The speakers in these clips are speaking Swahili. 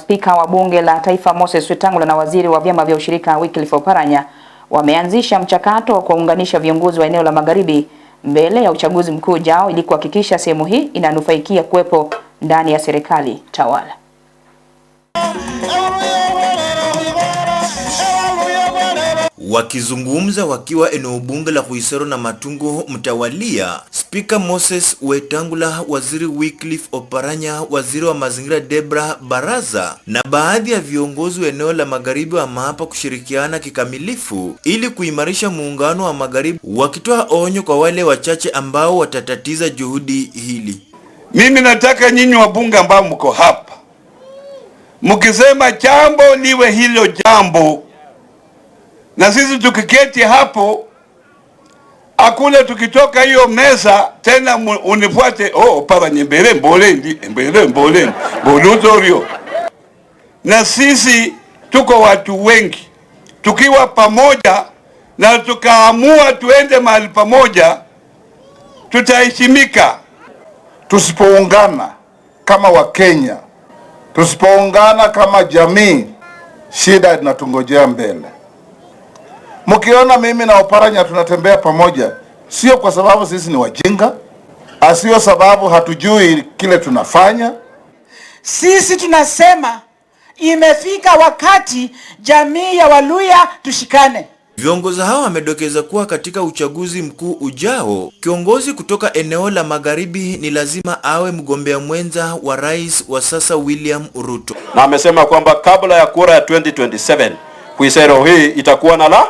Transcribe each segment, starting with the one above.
Spika wa Bunge la Taifa Moses Wetangula na waziri wa vyama vya ushirika Wycliffe Oparanya wameanzisha mchakato wa kuwaunganisha viongozi wa eneo la Magharibi mbele ya uchaguzi mkuu ujao ili kuhakikisha sehemu hii inanufaikia kuwepo ndani ya serikali tawala. Wakizungumza wakiwa eneo bunge la Khwisero na matungo mtawalia, Spika Moses Wetangula, Waziri Wycliffe Oparanya, Waziri wa Mazingira Debra Baraza na baadhi ya viongozi wa eneo la magharibi wa Maapa kushirikiana kikamilifu ili kuimarisha muungano wa magharibi, wakitoa onyo kwa wale wachache ambao watatatiza juhudi hili. Mimi nataka nyinyi wabunge ambao mko hapa mkisema jambo liwe hilo jambo na sisi tukiketi hapo hakuna tukitoka hiyo meza tena unifuate oh, paranyembere mbolendi mbere mbolendi bolutorio. Na sisi tuko watu wengi, tukiwa pamoja na tukaamua tuende mahali pamoja, tutaheshimika. Tusipoungana kama Wakenya, tusipoungana kama jamii, shida inatungojea mbele. Mkiona mimi na Oparanya tunatembea pamoja, sio kwa sababu sisi ni wajinga, asio sababu hatujui kile tunafanya. Sisi tunasema imefika wakati jamii ya Waluya tushikane. Viongozi hao wamedokeza kuwa katika uchaguzi mkuu ujao, kiongozi kutoka eneo la Magharibi ni lazima awe mgombea mwenza wa rais wa sasa William Ruto, na amesema kwamba kabla ya kura ya 2027 kuisero hii itakuwa na la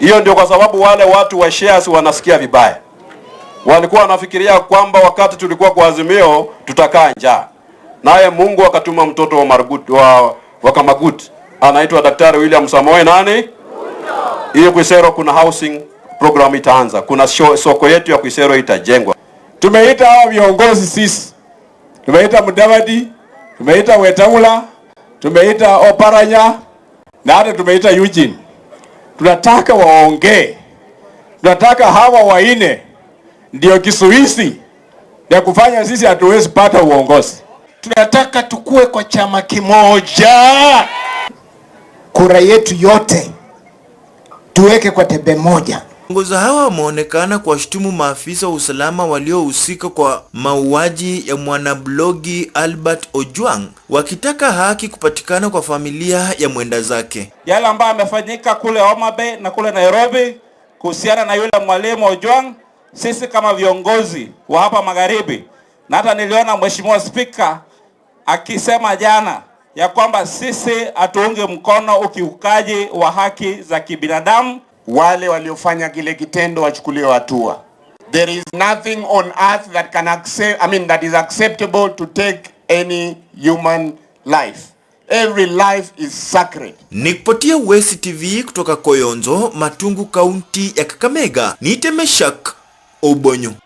hiyo ndio kwa sababu wale watu wa shares wanasikia vibaya, walikuwa wanafikiria kwamba wakati tulikuwa kwa Azimio tutakaa njaa, naye Mungu akatuma mtoto wa Margut, wa, wa anaitwa Daktari William Samoe nani hiyo Kwisero kuna housing program itaanza, kuna soko yetu ya Kwisero itajengwa. Tumeita hawa viongozi sisi, tumeita Mudavadi, tumeita Wetangula, tumeita Oparanya na hata tumeita Eugene tunataka waongee, tunataka hawa waine ndio kisuizi ya kufanya sisi hatuwezi pata uongozi. Tunataka tukue kwa chama kimoja, kura yetu yote tuweke kwa tebe moja. Viongozi hawa wameonekana kuwashutumu maafisa wa usalama waliohusika kwa mauaji ya mwanablogi Albert Ojwang, wakitaka haki kupatikana kwa familia ya mwenda zake. Yale ambayo amefanyika kule Homa Bay na kule Nairobi kuhusiana na yule mwalimu Ojwang, sisi kama viongozi wa hapa magharibi, na hata niliona mheshimiwa spika akisema jana ya kwamba sisi hatuungi mkono ukiukaji wa haki za kibinadamu wale waliofanya kile kitendo wachukuliwe hatua. There is nothing on earth that can accept, I mean, that is acceptable to take any human life. Every life is sacred. Nikupatia West TV kutoka Koyonzo, Matungu, kaunti ya Kakamega. Nitemeshak Obonyo.